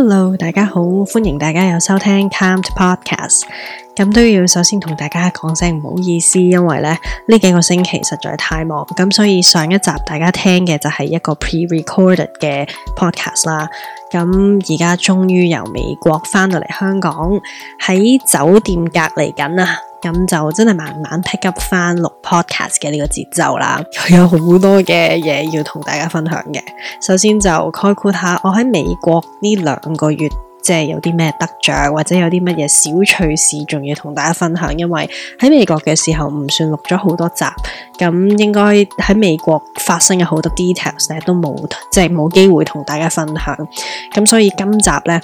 Hello，大家好，歡迎大家又收聽 Calmed Podcast。咁都要首先同大家講聲唔好意思，因為咧呢幾個星期實在太忙，咁所以上一集大家聽嘅就係一個 pre-recorded 嘅 podcast 啦。咁而家終於由美國返到嚟香港，喺酒店隔離緊啊！咁就真係慢慢 pick up 翻錄 podcast 嘅呢個節奏啦，有好多嘅嘢，要同大家分享嘅。首先就概括下，我喺美國呢兩個月，即係有啲咩得獎或者有啲乜嘢小趣事，仲要同大家分享。因為喺美國嘅時候唔算錄咗好多集，咁應該喺美國發生嘅好多 details 咧都冇，即係冇機會同大家分享。咁所以今集咧。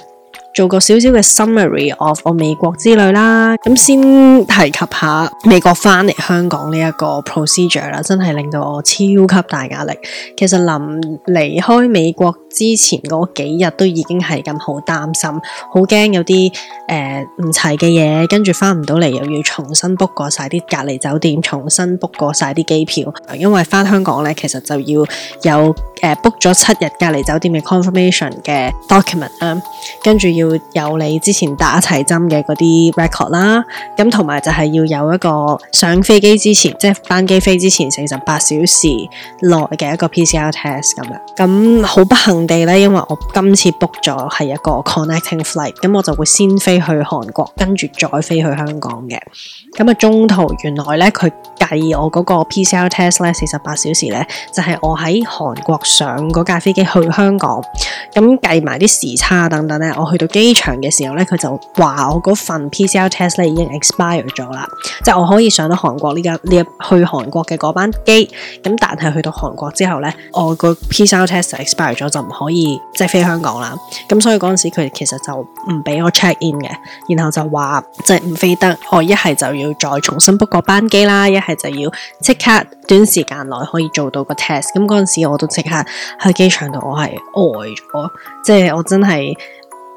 做個少少嘅 summary of 我美國之旅啦，咁先提及下美國翻嚟香港呢一個 procedure 啦，真係令到我超級大壓力。其實臨離開美國之前嗰幾日都已經係咁好擔心，好驚有啲誒唔齊嘅嘢，跟住翻唔到嚟又要重新 book 過晒啲隔離酒店，重新 book 過晒啲機票，因為翻香港呢，其實就要有誒 book 咗七日隔離酒店嘅 confirmation 嘅 document 啊、跟住要。要有你之前打齊針嘅嗰啲 record 啦，咁同埋就係要有一個上飛機之前，即係班機飛之前四十八小時內嘅一個 PCR test 咁樣。咁好不幸地咧，因為我今次 book 咗係一個 connecting flight，咁我就會先飛去韓國，跟住再飛去香港嘅。咁啊，中途原來咧佢計我嗰個 PCR test 咧四十八小時咧，就係我喺韓國上嗰架飛機去香港，咁計埋啲時差等等咧，我去到機場嘅時候咧，佢就話我嗰份 PCR test 咧已經 expired 咗啦，即係我可以上到韓國呢間呢一去韓國嘅嗰班機，咁但係去到韓國之後咧，我個 PCR test 就 expire 咗就唔可以即係、就是、飛香港啦，咁所以嗰陣時佢哋其實就唔俾我 check in 嘅，然後就話即係唔飛得，我一係就要再重新 book 個班機啦，一係就要即刻短時間內可以做到個 test，咁嗰陣時我都即刻去機場度我係呆咗，即係我真係。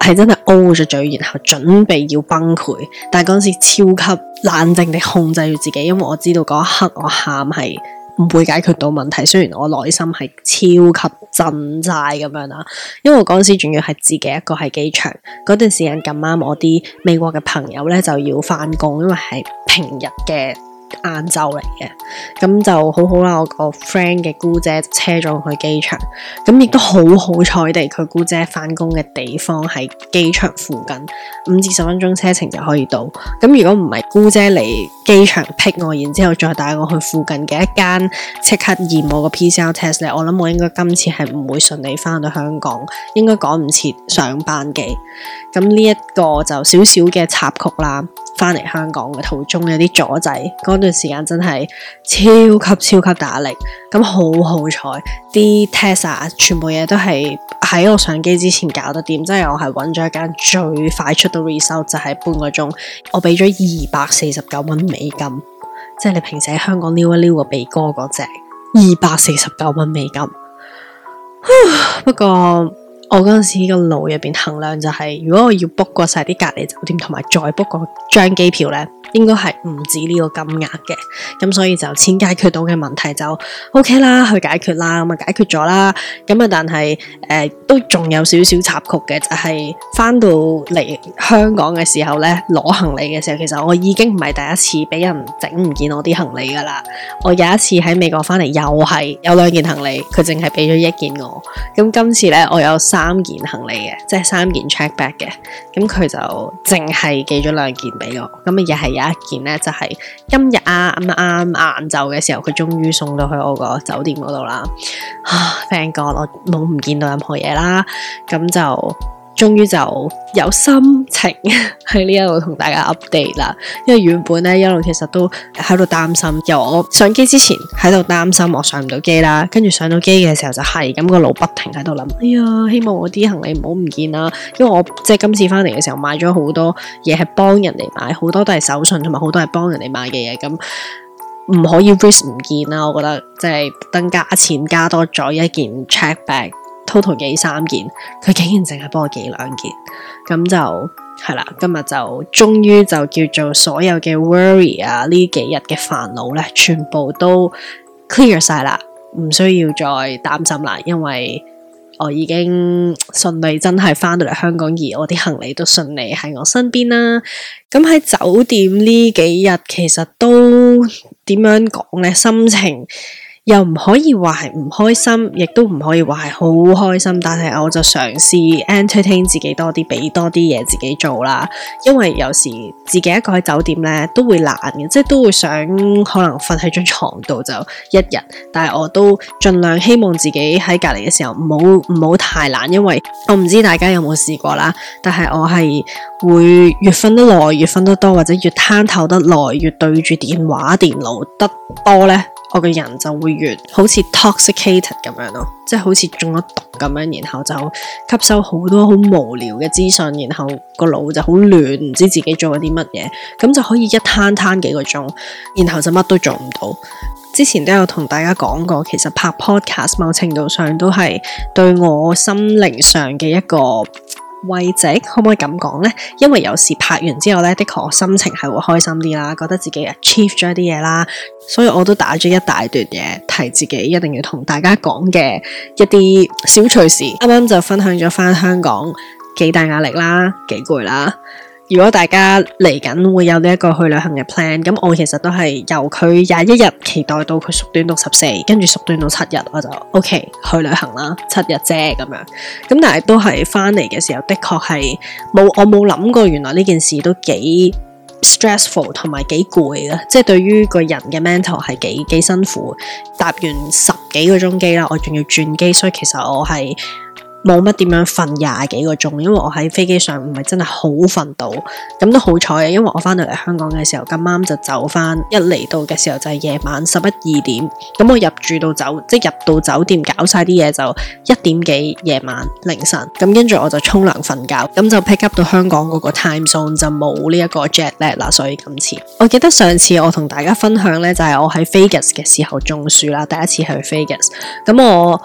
係真係 o 咗嘴，然後準備要崩潰，但係嗰時超級冷靜地控制住自己，因為我知道嗰一刻我喊係唔會解決到問題。雖然我內心係超級震晒咁樣啦，因為嗰時仲要係自己一個喺機場，嗰段時間咁啱我啲美國嘅朋友咧就要返工，因為係平日嘅。晏晝嚟嘅，咁就好好啦。我個 friend 嘅姑姐車咗去機場，咁亦都好好彩地，佢姑姐翻工嘅地方喺機場附近，五至十分鐘車程就可以到。咁如果唔係姑姐嚟機場 pick 我，然之後再帶我去附近嘅一間即刻驗我個 PCR test 咧，我諗我應該今次係唔會順利翻到香港，應該趕唔切上班機。咁呢一個就少少嘅插曲啦，翻嚟香港嘅途中有啲阻滯。呢段時間真係超級超級打力，咁好好彩，啲 test 啊全部嘢都係喺我上機之前搞得掂，即係我係揾咗一間最快出到 result，就係半個鐘，我俾咗二百四十九蚊美金，即係你平時喺香港撩一撩個鼻哥嗰隻二百四十九蚊美金，不過。我嗰陣時個腦入邊衡量就係，如果我要 book 過晒啲隔離酒店同埋再 book 過張機票呢，應該係唔止呢個金額嘅。咁所以就錢解決到嘅問題就 OK 啦，去解決啦，咁啊解決咗啦。咁啊，但係誒都仲有少少插曲嘅，就係翻到嚟香港嘅時候呢，攞行李嘅時候，其實我已經唔係第一次俾人整唔見我啲行李噶啦。我有一次喺美國翻嚟又係有兩件行李，佢淨係俾咗一件我。咁今次呢，我有三三件行李嘅，即係三件 check bag 嘅，咁佢就淨係寄咗兩件俾我，咁啊又係有一件咧，就係、是、今日啱啱晏晝嘅時候，佢終於送到去我個酒店嗰度啦。friend、啊、講我冇唔見到任何嘢啦，咁就。終於就有心情喺呢一度同大家 update 啦，因為原本呢 一路其實都喺度擔心，由我上機之前喺度擔心，我上唔到機啦。跟住上到機嘅時候就係咁，個腦不停喺度諗，哎呀，希望我啲行李唔好唔見啊！因為我即係今次翻嚟嘅時候買咗好多嘢，係幫人哋買，好多都係手信，同埋好多係幫人哋買嘅嘢，咁唔可以 risk 唔見啊！我覺得即係特登加錢加多咗一件 check bag。total 幾三件，佢竟然淨係幫我寄兩件，咁就係啦。今日就終於就叫做所有嘅 worry 啊，幾呢幾日嘅煩惱咧，全部都 clear 晒啦，唔需要再擔心啦。因為我已經順利真係返到嚟香港，而我啲行李都順利喺我身邊啦。咁喺酒店呢幾日，其實都點樣講呢？心情。又唔可以話係唔開心，亦都唔可以話係好開心。但係我就嘗試 entertain 自己多啲，俾多啲嘢自己做啦。因為有時自己一個喺酒店呢，都會懶嘅，即係都會想可能瞓喺張床度就一日。但係我都盡量希望自己喺隔離嘅時候唔好唔好太懶，因為我唔知大家有冇試過啦。但係我係會越瞓得耐越瞓得多，或者越攤頭得耐越對住電話電腦得多呢。我嘅人就會越好似 toxicated 咁樣咯，即係好似中咗毒咁樣，然後就吸收好多好無聊嘅資訊，然後個腦就好亂，唔知自己做咗啲乜嘢，咁就可以一攤攤幾個鐘，然後就乜都做唔到。之前都有同大家講過，其實拍 podcast 某程度上都係對我心靈上嘅一個慰藉，可唔可以咁講呢？因為有時拍完之後咧，的確我心情係會開心啲啦，覺得自己 achieve 咗啲嘢啦，所以我都打咗一大段嘢，提自己一定要同大家講嘅一啲小趣事。啱啱就分享咗返香港幾大壓力啦，幾攰啦。如果大家嚟緊會有呢一個去旅行嘅 plan，咁我其實都係由佢廿一日期待到佢縮短到十四，跟住縮短到七日我就 OK 去旅行啦，七日啫咁樣。咁但係都係翻嚟嘅時候，的確係冇我冇諗過，原來呢件事都幾 stressful，同埋幾攰嘅，即係對於個人嘅 mental 係幾幾辛苦。搭完十幾個鐘機啦，我仲要轉機，所以其實我係。冇乜點樣瞓廿幾個鐘，因為我喺飛機上唔係真係好瞓到，咁都好彩嘅，因為我翻到嚟香港嘅時候咁啱就走翻，一嚟到嘅時候就係夜晚十一二點，咁我入住到走，即係入到酒店搞晒啲嘢就一點幾夜晚凌晨，咁跟住我就沖涼瞓覺，咁就 pick up 到香港嗰個 time zone 就冇呢一個 jet lag 啦，所以今次，我記得上次我同大家分享呢，就係我喺 Vegas 嘅時候中暑啦，第一次去 Vegas 咁我。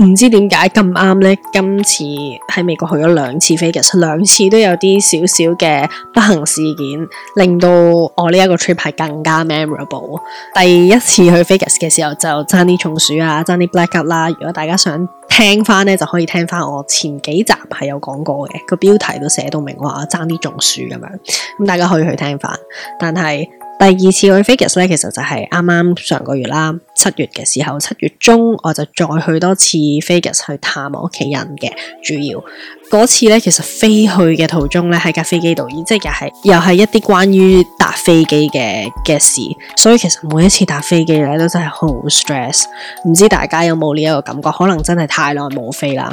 唔知點解咁啱呢？今次喺美國去咗兩次 Vegas 兩次都有啲少少嘅不幸事件，令到我呢一個 trip 係更加 memorable。第一次去 Vegas 嘅時候就爭啲中暑啊，爭啲 black out 啦、啊。如果大家想聽翻呢，就可以聽翻我前幾集係有講過嘅個標題都寫到明話爭啲中暑咁、啊、樣，咁大家可以去聽翻。但係，第二次去 Vegas 咧，其實就係啱啱上個月啦，七月嘅時候，七月中我就再去多次 Vegas 去探我屋企人嘅。主要嗰次咧，其實飛去嘅途中咧，喺架飛機度，即係又係又係一啲關於搭飛機嘅嘅事。所以其實每一次搭飛機咧，都真係好 stress。唔知大家有冇呢一個感覺？可能真係太耐冇飛啦。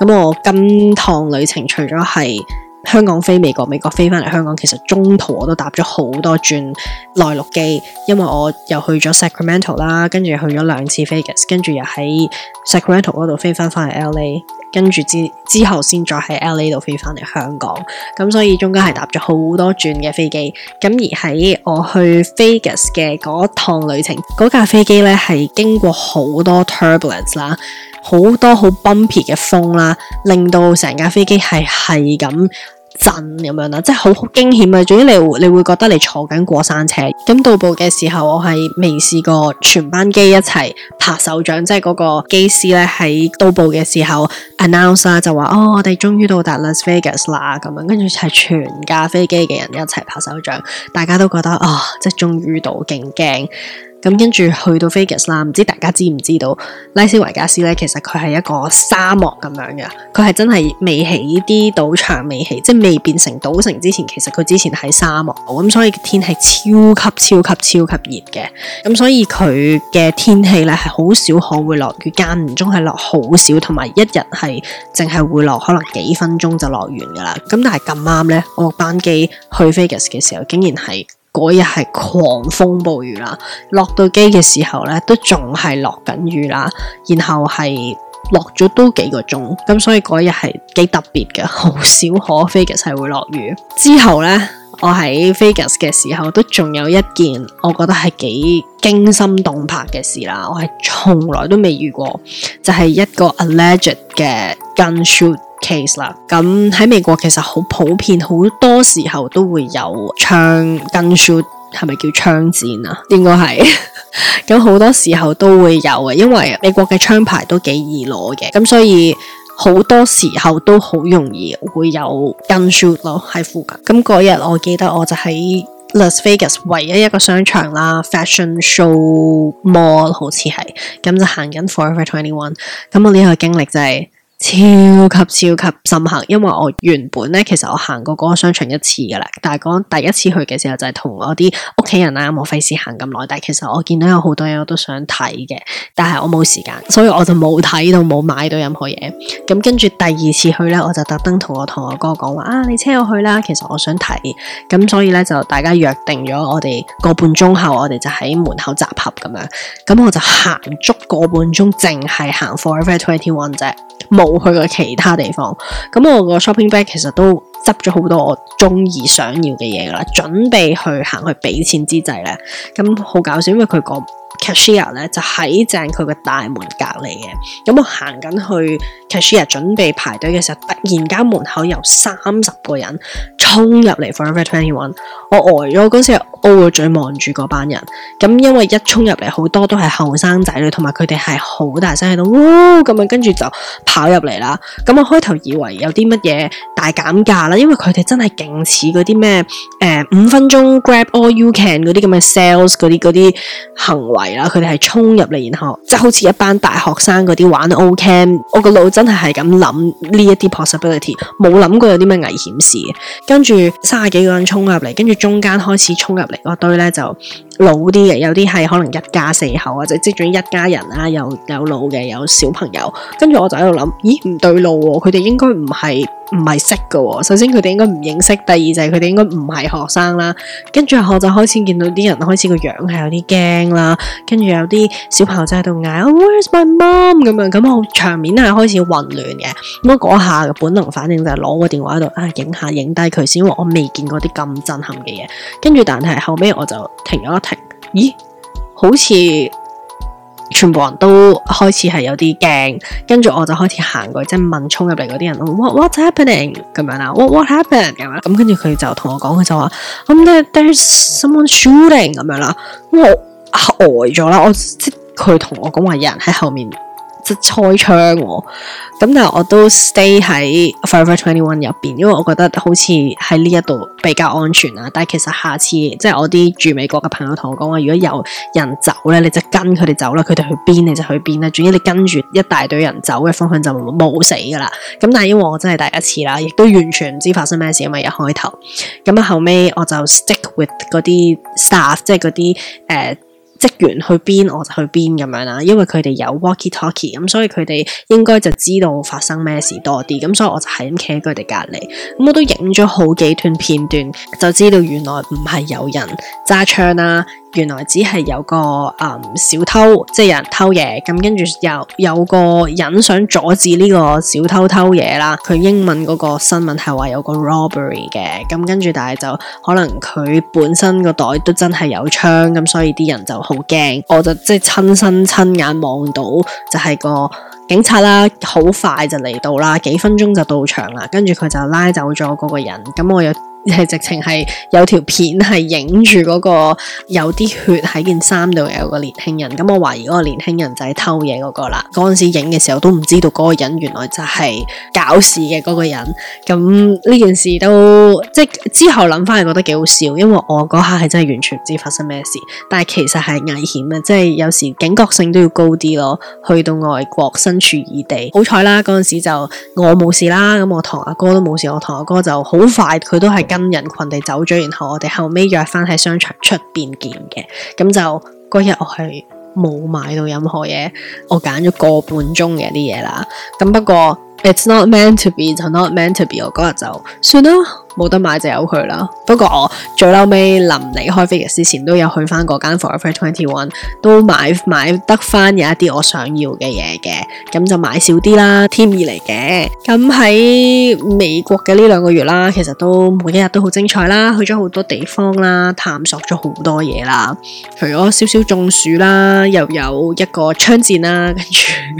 咁我今趟旅程除咗係，香港飛美國，美國飛翻嚟香港，其實中途我都搭咗好多轉內陸機，因為我又去咗 Sacramento 啦，跟住去咗兩次 Vegas，跟住又喺 Sacramento 嗰度飛翻翻嚟 LA，跟住之之後先再喺 LA 度飛翻嚟香港，咁所以中間係搭咗好多轉嘅飛機，咁而喺我去 Vegas 嘅嗰趟旅程，嗰架飛機呢係經過好多 turbulence 啦，好多好 bumpy 嘅風啦，令到成架飛機係係咁。震咁樣啦，即係好好驚險啊！總之你會你會覺得你坐緊過山車。咁到步嘅時候，我係未試過全班機一齊拍手掌，即係嗰個機師咧喺到步嘅時候 announce 啦，就話哦，我哋終於到達 Las Vegas 啦，咁樣跟住係全架飛機嘅人一齊拍手掌，大家都覺得哦，即係終於到，勁驚。咁跟住去到 Vegas 啦，唔知大家知唔知道拉斯維加斯咧？其實佢係一個沙漠咁樣嘅，佢係真係未起啲賭場未起，即係未變成賭城之前，其實佢之前喺沙漠，咁、嗯、所以天氣超級超級超級熱嘅。咁、嗯、所以佢嘅天氣咧係好少可會落雨，間唔中係落好少，同埋一日係淨係會落可能幾分鐘就落完噶啦。咁、嗯、但係咁啱咧，我班機去 Vegas 嘅時候，竟然係。嗰日係狂風暴雨啦，落到機嘅時候咧，都仲係落緊雨啦，然後係落咗都幾個鐘，咁所以嗰日係幾特別嘅，好少可 Vegas 係會落雨。之後呢，我喺 Vegas 嘅時候都仲有一件我覺得係幾驚心動魄嘅事啦，我係從來都未遇過，就係、是、一個 alleged 嘅 gun shot。case 啦，咁喺美國其實好普遍，好多時候都會有槍 gun shoot，係咪叫槍戰啊？應該係，咁 好多時候都會有嘅，因為美國嘅槍牌都幾易攞嘅，咁所以好多時候都好容易會有 gun shoot 咯，喺附近。咁嗰日我記得我就喺 Las Vegas 唯一一個商場啦，Fashion Show Mall 好似係，咁就行緊 Forever Twenty One，咁我呢個經歷就係。超級超級深刻，因為我原本咧，其實我行過嗰個商場一次㗎啦。但係講第一次去嘅時候，就係同我啲屋企人啊，我費事行咁耐。但係其實我見到有好多嘢我都想睇嘅，但係我冇時間，所以我就冇睇到冇買到任何嘢。咁跟住第二次去咧，我就特登同我同學哥講話啊，你車我去啦。其實我想睇，咁所以咧就大家約定咗，我哋個半鐘後，我哋就喺門口集合咁樣。咁我就行足個半鐘，淨係行 Forever 21啫，冇。去過其他地方，咁我個 shopping bag 其實都。執咗好多我中意想要嘅嘢㗎啦，準備去行去俾錢之際咧，咁好搞笑，因為佢個 cashier 咧就喺正佢個大門隔離嘅。咁我行緊去 cashier 準備排隊嘅時候，突然間門口有三十個人衝入嚟，Forever 21，我呆咗嗰時，我 O 咗嘴望住嗰班人咁，因為一衝入嚟好多都係後生仔女，同埋佢哋係好大聲喺度，哇咁樣跟住就跑入嚟啦。咁我開頭以為有啲乜嘢。大減價啦，因為佢哋真係勁似嗰啲咩誒五分鐘 grab all you can 嗰啲咁嘅 sales 嗰啲嗰啲行為啦，佢哋係衝入嚟，然後即係、就是、好似一班大學生嗰啲玩 OK 我個腦真係係咁諗呢一啲 possibility，冇諗過有啲咩危險事嘅，跟住三十幾個人衝入嚟，跟住中間開始衝入嚟嗰堆呢就。老啲嘅，有啲係可能一家四口啊，或者即係一家人啦，有有老嘅，有小朋友。跟住我就喺度諗，咦唔對路喎，佢哋應該唔係唔係識嘅喎。首先佢哋應該唔認識，第二就係佢哋應該唔係學生啦。跟住我就開始見到啲人開始個樣係有啲驚啦，跟住有啲小朋友就喺度嗌，Where's my mom 咁啊，咁我場面係開始混亂嘅。咁嗰下嘅本能反應就係攞個電話喺度啊，影下影低佢先喎，因為我未見過啲咁震撼嘅嘢。跟住但係後尾我就停咗。咦，好似全部人都開始係有啲驚，跟住我就開始行過即係問衝入嚟嗰啲人咯。What, what's happening？咁樣啦。What, what happened？咁樣。咁跟住佢就同我講，佢就話咁咧，There, there's someone shooting 咁樣啦。我呆咗啦。即我即佢同我講話，有人喺後面。即係開槍喎、啊，咁但係我都 stay 喺 Forever Twenty One 入邊，因為我覺得好似喺呢一度比較安全啊。但係其實下次即係我啲住美國嘅朋友同我講話，如果有人走咧，你就跟佢哋走啦，佢哋去邊你就去邊啦，總之你跟住一大隊人走嘅方向就冇死噶啦。咁但係因為我真係第一次啦，亦都完全唔知發生咩事因為，一開頭咁啊，後尾我就 stick with 嗰啲 staff，即係嗰啲誒。呃職員去邊我就去邊咁樣啦，因為佢哋有 walkie-talkie 咁，talk ie，所以佢哋應該就知道發生咩事多啲，咁所以我就係咁企喺佢哋隔籬，咁我都影咗好幾段片段，就知道原來唔係有人揸槍啦。原來只係有個誒、嗯、小偷，即係有人偷嘢，咁跟住有有個人想阻止呢個小偷偷嘢啦。佢英文嗰個新聞係話有個 robbery 嘅，咁跟住但係就可能佢本身個袋都真係有槍，咁所以啲人就好驚。我就即係親身親眼望到，就係、是、個警察啦，好快就嚟到啦，幾分鐘就到場啦，跟住佢就拉走咗嗰個人。咁我有。係直情係有條片係影住嗰個有啲血喺件衫度，有個年輕人，咁我懷疑嗰個年輕人就係偷嘢嗰個啦。嗰陣時影嘅時候都唔知道嗰個人原來就係搞事嘅嗰個人。咁呢件事都即係之後諗翻係覺得幾好笑，因為我嗰下係真係完全唔知發生咩事，但係其實係危險呀，即係有時警覺性都要高啲咯。去到外國身處異地，好彩啦，嗰陣時就我冇事啦，咁我同阿哥都冇事，我同阿哥就好快佢都係。跟人群哋走咗，然後我哋後尾約翻喺商場出邊見嘅，咁就嗰日我係冇買到任何嘢，我揀咗個半鐘嘅啲嘢啦，咁不過 It's not meant to be 就 not meant to be，我嗰日就算啦。冇得買就有佢啦。不過我最嬲尾臨離開飛嘅之前，都有去翻嗰間 Forever Twenty One，都買買得翻有一啲我想要嘅嘢嘅。咁就買少啲啦，添而嚟嘅。咁喺美國嘅呢兩個月啦，其實都每一日都好精彩啦，去咗好多地方啦，探索咗好多嘢啦。除咗少少中暑啦，又有一個槍戰啦，跟住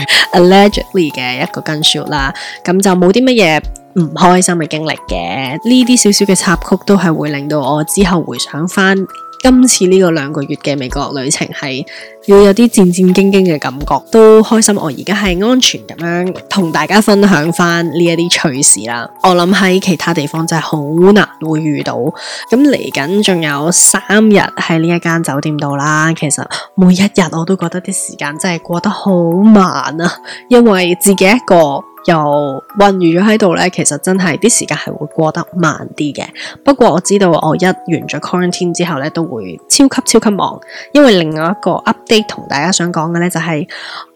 allegedly 嘅一個 gunshot 啦。咁就冇啲乜嘢。唔開心嘅經歷嘅，呢啲少少嘅插曲都係會令到我之後回想翻今次呢個兩個月嘅美國旅程係要有啲戰戰兢兢嘅感覺。都開心，我而家係安全咁樣同大家分享翻呢一啲趣事啦。我諗喺其他地方真係好難會遇到。咁嚟緊仲有三日喺呢一間酒店度啦。其實每一日我都覺得啲時間真係過得好慢啊，因為自己一個。又混漁咗喺度呢，其實真係啲時間係會過得慢啲嘅。不過我知道我一完咗 quarantine 之後呢，都會超級超級忙。因為另外一個 update 同大家想講嘅呢，就係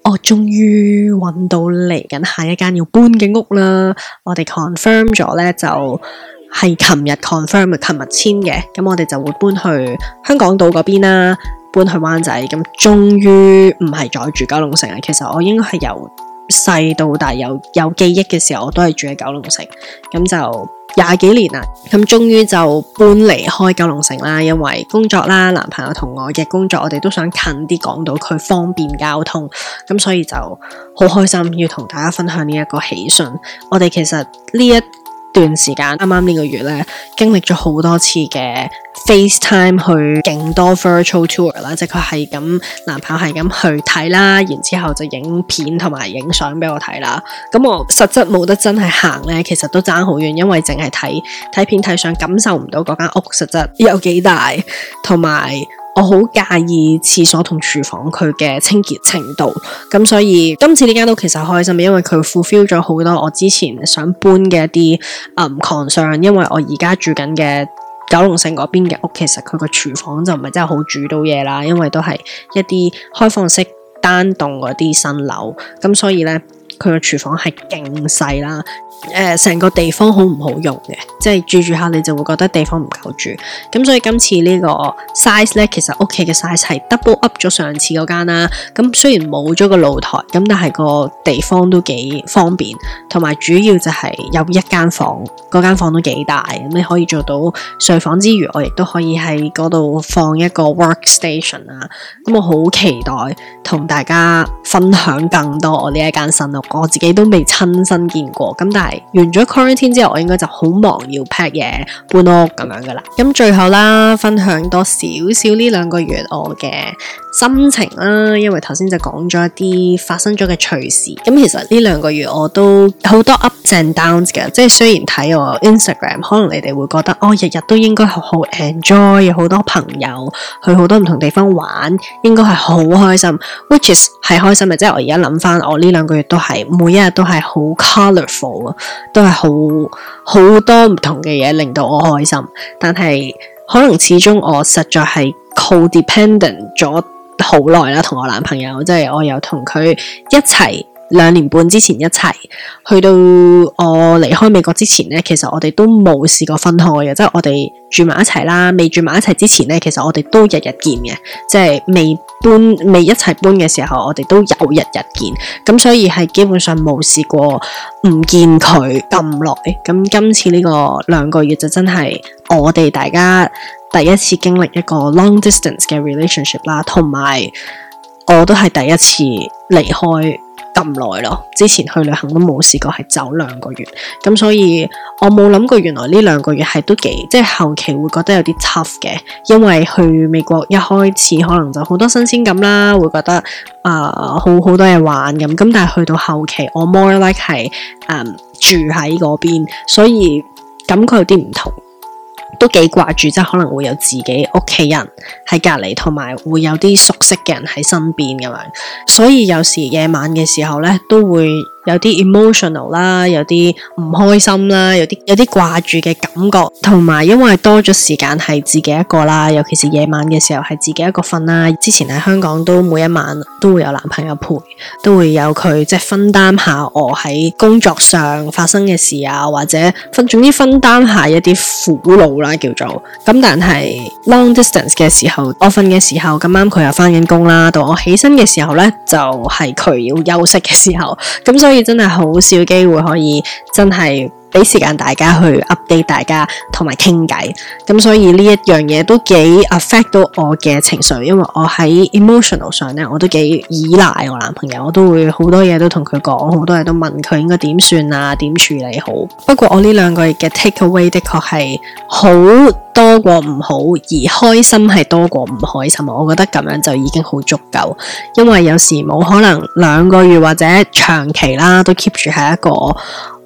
我終於揾到嚟緊下一間要搬嘅屋啦。我哋 confirm 咗呢、就係，就係琴日 confirm，琴日簽嘅。咁我哋就會搬去香港島嗰邊啦，搬去灣仔。咁終於唔係再住九龍城啦。其實我應該係由細到大有有記憶嘅時候，我都係住喺九龍城，咁就廿幾年啦。咁終於就搬離開九龍城啦，因為工作啦，男朋友同我嘅工作，我哋都想近啲，講到佢方便交通，咁所以就好開心要同大家分享呢一個喜訊。我哋其實呢一段時間啱啱呢個月咧，經歷咗好多次嘅 FaceTime 去勁多 virtual tour 啦，即係佢係咁，男朋友係咁去睇啦，然之後就影片、同埋影相俾我睇啦。咁我實質冇得真係行咧，其實都差好遠，因為淨係睇睇片睇相，感受唔到嗰間屋實質有幾大，同埋，我好介意廁所同廚房佢嘅清潔程度，咁所以今次呢間都其實開心，因為佢 fulfill 咗好多我之前想搬嘅一啲嗯 concern。Concern，因為我而家住緊嘅九龍城嗰邊嘅屋，其實佢個廚房就唔係真係好煮到嘢啦，因為都係一啲開放式單棟嗰啲新樓，咁所以呢，佢個廚房係勁細啦。誒成、呃、個地方好唔好用嘅，即係住住下你就會覺得地方唔夠住。咁所以今次呢個 size 呢，其實屋企嘅 size 係 double up 咗上次嗰間啦。咁雖然冇咗個露台，咁但係個地方都幾方便，同埋主要就係有一間房，嗰間房都幾大，咁你可以做到睡房之餘，我亦都可以喺嗰度放一個 work station 啊。咁我好期待同大家分享更多我呢一間新屋，我自己都未親身見過。咁但係，完咗 quarantine 之後，我應該就好忙要 pack 嘢搬屋咁樣噶啦。咁最後啦，分享多少少呢兩個月我嘅心情啦。因為頭先就講咗一啲發生咗嘅趣事。咁其實呢兩個月我都好多 up and downs 嘅，即係雖然睇我 Instagram，可能你哋會覺得哦，日日都應該好好 enjoy，有好多朋友去好多唔同地方玩，應該係好開心，which is 係開心嘅。即係我而家諗翻，我呢兩個月都係每一日都係好 colorful 啊。都係好好多唔同嘅嘢令到我開心，但係可能始終我實在係 co-dependent 咗好耐啦，同我男朋友，即係我有同佢一齊。兩年半之前一齊去到我離開美國之前呢，其實我哋都冇試過分開嘅，即係我哋住埋一齊啦。未住埋一齊之前呢，其實我哋都日日見嘅，即係未搬未一齊搬嘅時候，我哋都有日日見。咁，所以係基本上冇試過唔見佢咁耐。咁今次呢個兩個月就真係我哋大家第一次經歷一個 long distance 嘅 relationship 啦，同埋我都係第一次離開。咁耐咯，之前去旅行都冇試過係走兩個月，咁所以我冇諗過原來呢兩個月係都幾，即係後期會覺得有啲 tough 嘅，因為去美國一開始可能就好多新鮮感啦，會覺得啊、呃、好好多嘢玩咁，咁但係去到後期我 more like 係誒、um, 住喺嗰邊，所以感覺有啲唔同。都幾掛住，即係可能會有自己屋企人喺隔離，同埋會有啲熟悉嘅人喺身邊咁樣，所以有時夜晚嘅時候呢，都會有啲 emotional 啦，有啲唔開心啦，有啲有啲掛住嘅感覺，同埋因為多咗時間係自己一個啦，尤其是夜晚嘅時候係自己一個瞓啦。之前喺香港都每一晚都會有男朋友陪，都會有佢即係分擔下我喺工作上發生嘅事啊，或者分總之分擔下一啲苦惱啦叫做。咁但係 long distance 嘅時候，我瞓嘅時候咁啱佢又返緊工啦，到我起身嘅時候咧就係、是、佢要休息嘅時候，咁所以。所以真係好少機會可以真係。俾時間大家去 update，大家同埋傾偈，咁所以呢一樣嘢都幾 affect 到我嘅情緒，因為我喺 emotional 上咧，我都幾依賴我男朋友，我都會好多嘢都同佢講，好多嘢都問佢應該點算啊，點處理好。不過我呢兩個月嘅 take away 的確係好多過唔好，而開心係多過唔開心，我覺得咁樣就已經好足夠，因為有時冇可能兩個月或者長期啦，都 keep 住係一個。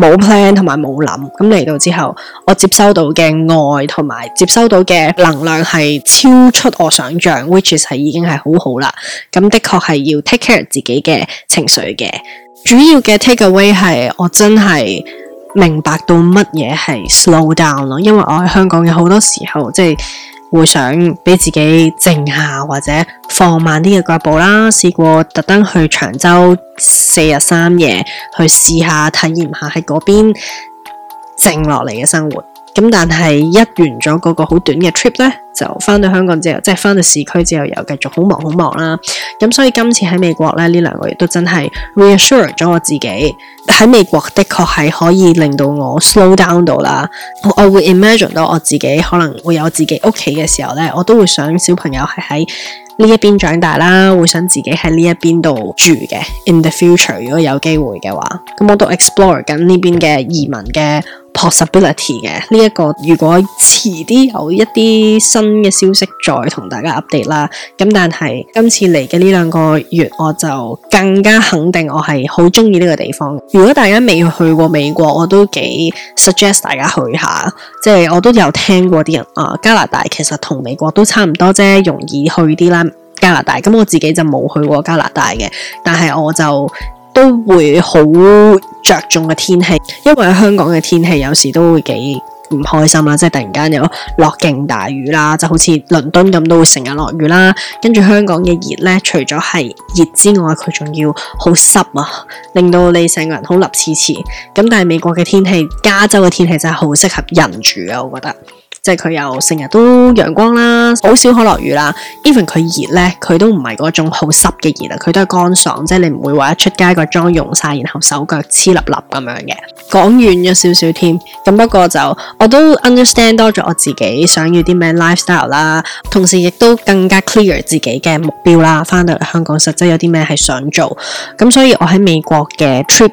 冇 plan 同埋冇諗，咁嚟到之後，我接收到嘅愛同埋接收到嘅能量係超出我想象，which is 係已經係好好啦。咁的確係要 take care 自己嘅情緒嘅。主要嘅 take away 係我真係明白到乜嘢係 slow down 咯，因為我喺香港有好多時候即係。會想俾自己靜下或者放慢啲嘅腳步啦，試過特登去長洲四日三夜，去試下體驗下喺嗰邊靜落嚟嘅生活。咁但係一完咗嗰個好短嘅 trip 咧，就返到香港之後，即係返到市區之後，又繼續好忙好忙啦、啊。咁所以今次喺美國咧呢兩個月都真係 reassure 咗我自己喺美國的確係可以令到我 slow down 到啦。我會 imagine 到我自己可能會有自己屋企嘅時候咧，我都會想小朋友係喺呢一邊長大啦，會想自己喺呢一邊度住嘅。In the future，如果有機會嘅話，咁我都 explore 緊呢邊嘅移民嘅。possibility 嘅呢一個，如果遲啲有一啲新嘅消息，再同大家 update 啦。咁但係今次嚟嘅呢兩個月，我就更加肯定我係好中意呢個地方。如果大家未去過美國，我都幾 suggest 大家去下。即係我都有聽過啲人啊，加拿大其實同美國都差唔多啫，容易去啲啦。加拿大咁我自己就冇去過加拿大嘅，但係我就。都會好着重嘅天氣，因為香港嘅天氣有時都會幾唔開心啦，即係突然間有落勁大雨啦，就好似倫敦咁都會成日落雨啦。跟住香港嘅熱呢，除咗係熱之外，佢仲要好濕啊，令到你成個人好立黐黐。咁但係美國嘅天氣，加州嘅天氣真係好適合人住啊，我覺得。即係佢又成日都陽光啦，好少可落雨啦。Even 佢熱咧，佢都唔係嗰種好濕嘅熱啦，佢都係乾爽，即係你唔會話一出街個妝溶晒，然後手腳黐笠笠咁樣嘅。講遠咗少少添，咁不過就我都 understand 多咗我自己想要啲咩 lifestyle 啦，同時亦都更加 clear 自己嘅目標啦。翻到嚟香港，實際有啲咩係想做，咁所以我喺美國嘅 trip。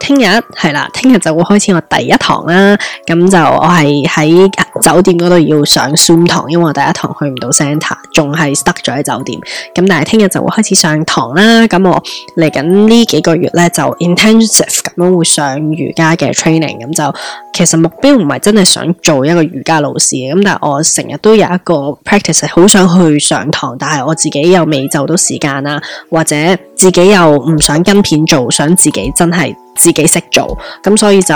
聽日係啦，聽日就會開始我第一堂啦。咁就我係喺酒店嗰度要上 Zoom 堂，因為我第一堂去唔到 centre，仲係 stuck 咗喺酒店。咁但係聽日就會開始上堂啦。咁我嚟緊呢幾個月咧，就 intensive 咁樣會上瑜伽嘅 training。咁就其實目標唔係真係想做一個瑜伽老師嘅。咁但係我成日都有一個 practice，好想去上堂，但係我自己又未就到時間啦，或者自己又唔想跟片做，想自己真係。自己識做，咁所以就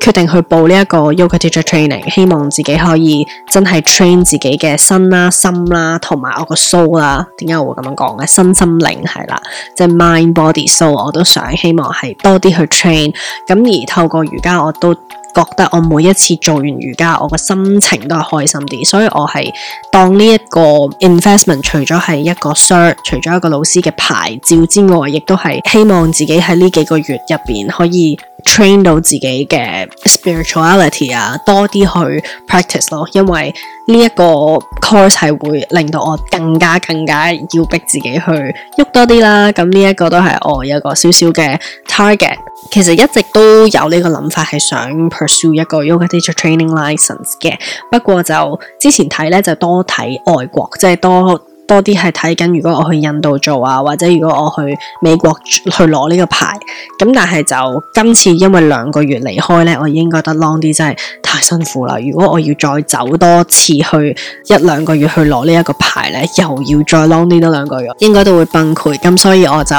決定去報呢一個 yoga teacher training，希望自己可以真係 train 自己嘅身啦、啊、心啦、啊，同埋我個 soul 啦。點解我會咁樣講咧？身心靈係啦，即係、就是、mind body soul 我都想希望係多啲去 train。咁而透過瑜伽我都。覺得我每一次做完瑜伽，我嘅心情都係開心啲，所以我係當呢一個 investment，除咗係一個 cert，除咗一個老師嘅牌照之外，亦都係希望自己喺呢幾個月入面可以。train 到自己嘅 spirituality 啊，多啲去 practice 咯，因為呢一個 course 係會令到我更加更加要逼自己去喐多啲啦。咁呢一個都係我有個少少嘅 target。其實一直都有呢個諗法，係想 pursue 一個 yoga teacher training license 嘅。不過就之前睇咧，就多睇外國，即係多。多啲係睇緊，如果我去印度做啊，或者如果我去美國去攞呢個牌，咁但係就今次因為兩個月離開呢，我已經覺得 long 啲真係太辛苦啦。如果我要再走多次去一兩個月去攞呢一個牌呢，又要再 long 啲多兩個月，應該都會崩潰。咁所以我就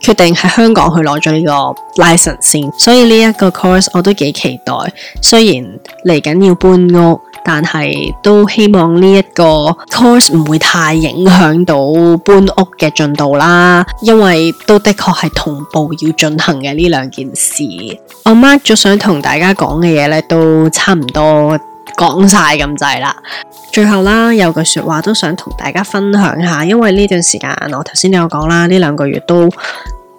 決定喺香港去攞咗呢個 license 先。所以呢一個 course 我都幾期待，雖然嚟緊要搬屋。但係都希望呢一個 course 唔會太影響到搬屋嘅進度啦，因為都的確係同步要進行嘅呢兩件事。我 mark 咗、er、想同大家講嘅嘢呢，都差唔多講晒咁滯啦。最後啦，有句說話都想同大家分享下，因為呢段時間我頭先都有講啦，呢兩個月都。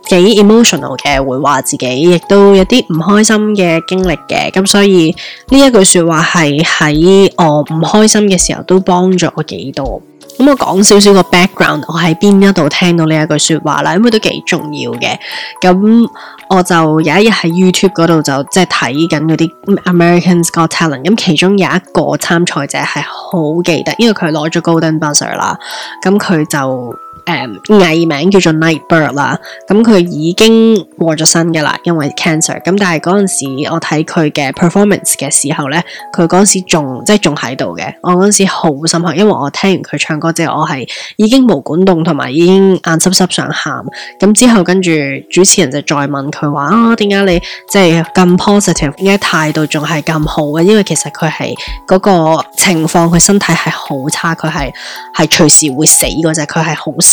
幾 emotional 嘅，會話自己亦都有啲唔開心嘅經歷嘅，咁所以呢一句説話係喺我唔開心嘅時候都幫咗我幾多。咁我講少少個 background，我喺邊一度聽到呢一句説話啦，因為都幾重要嘅。咁我就有一日喺 YouTube 嗰度就即係睇緊嗰啲 America's Got Talent，咁其中有一個參賽者係好記得，因為佢攞咗 Golden Buzzer 啦，咁佢就。誒、um, 藝名叫做 Nightbirde 啦，咁、嗯、佢已經過咗身嘅啦，因為 cancer、嗯。咁但係嗰陣時我睇佢嘅 performance 嘅時候呢，佢嗰陣時仲即係仲喺度嘅。我嗰陣時好深刻，因為我聽完佢唱歌之後，我係已經毛管凍同埋已經眼濕濕，濕想喊。咁、嗯、之後跟住主持人就再問佢話啊，點解你即係咁 positive？點解態度仲係咁好嘅？因為其實佢係嗰個情況，佢身體係好差，佢係係隨時會死嗰隻，佢係好。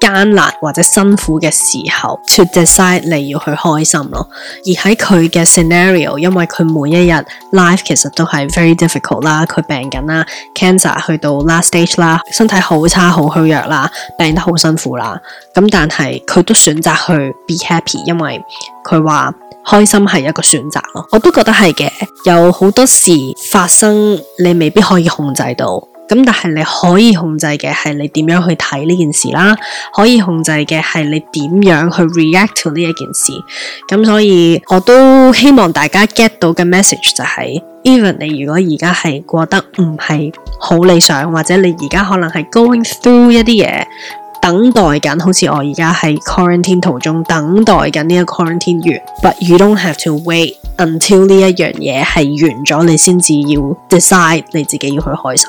艱難或者辛苦嘅時候，to decide 你要去開心咯。而喺佢嘅 scenario，因為佢每一日 life 其實都係 very difficult 啦，佢病緊啦，cancer 去到 last stage 啦，身體好差好虛弱啦，病得好辛苦啦。咁但係佢都選擇去 be happy，因為佢話開心係一個選擇咯。我都覺得係嘅，有好多事發生，你未必可以控制到。咁但係你可以控制嘅係你點樣去睇呢件事啦，可以控制嘅係你點樣去 react to 呢一件事。咁所以我都希望大家 get 到嘅 message 就係，even 你如果而家係過得唔係好理想，或者你而家可能係 going through 一啲嘢，等待緊，好似我而家喺 quarantine 途中等待緊呢個 quarantine 完。But you don't have to wait until 呢一樣嘢係完咗，你先至要 decide 你自己要去開心。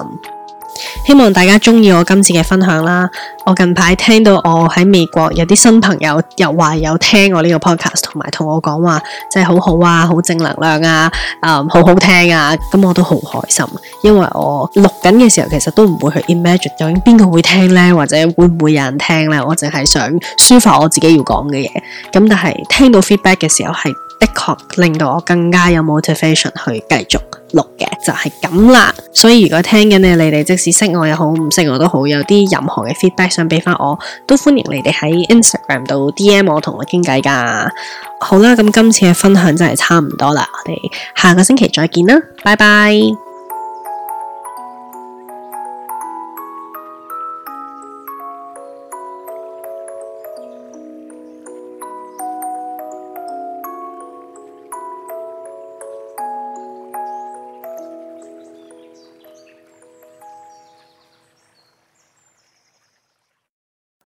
希望大家中意我今次嘅分享啦。我近排聽到我喺美國有啲新朋友又話有聽我呢個 podcast，同埋同我講話真係好好啊，好正能量啊，誒、嗯，好好聽啊。咁我都好開心，因為我錄緊嘅時候其實都唔會去 imagine 究竟邊個會聽呢，或者會唔會有人聽呢。我淨係想抒發我自己要講嘅嘢。咁但係聽到 feedback 嘅時候係。的確令到我更加有 motivation 去繼續錄嘅，就係咁啦。所以如果聽緊嘅你哋，你即使識我又好唔識我都好，有啲任何嘅 feedback 想俾翻，我都歡迎你哋喺 Instagram 度 DM 我同我傾偈噶。好啦，咁今次嘅分享真係差唔多啦，我哋下個星期再見啦，拜拜。